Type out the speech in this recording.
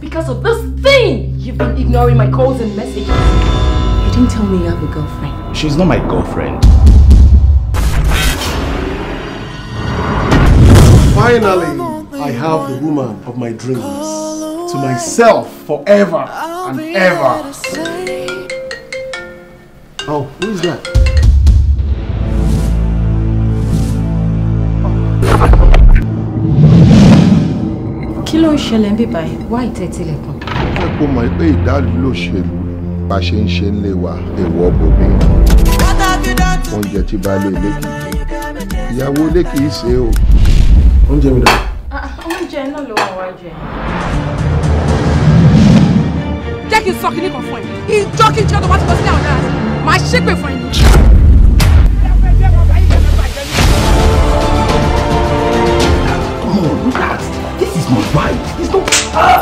because of this thing. You've been ignoring my calls and messages. You didn't tell me you have a girlfriend. She's not my girlfriend. Finally, I have the woman of my dreams to myself forever and ever. Oh, who's that? kí ló ń ṣẹlẹ̀ bí báyìí wá ìtẹ́tílẹ̀kùn. ẹ kò mọ̀ pé ìdálù lòṣèlú bá ṣe ń ṣe ń lé wa èèwọ̀ bòmí oúnjẹ tí baálé ilé kì í ìyàwó ilé kì ṣe o. oúnjẹ mi dà. Ah, ah, oúnjẹ náà ló wà wájú ẹ. jẹ́ kí n sọ kinní kan fún ẹ ìjọ́kíjọ́ tó bá ti bọ́ sílẹ̀ àwọn máa ṣépè fún ẹ. not right. he's not. Ah!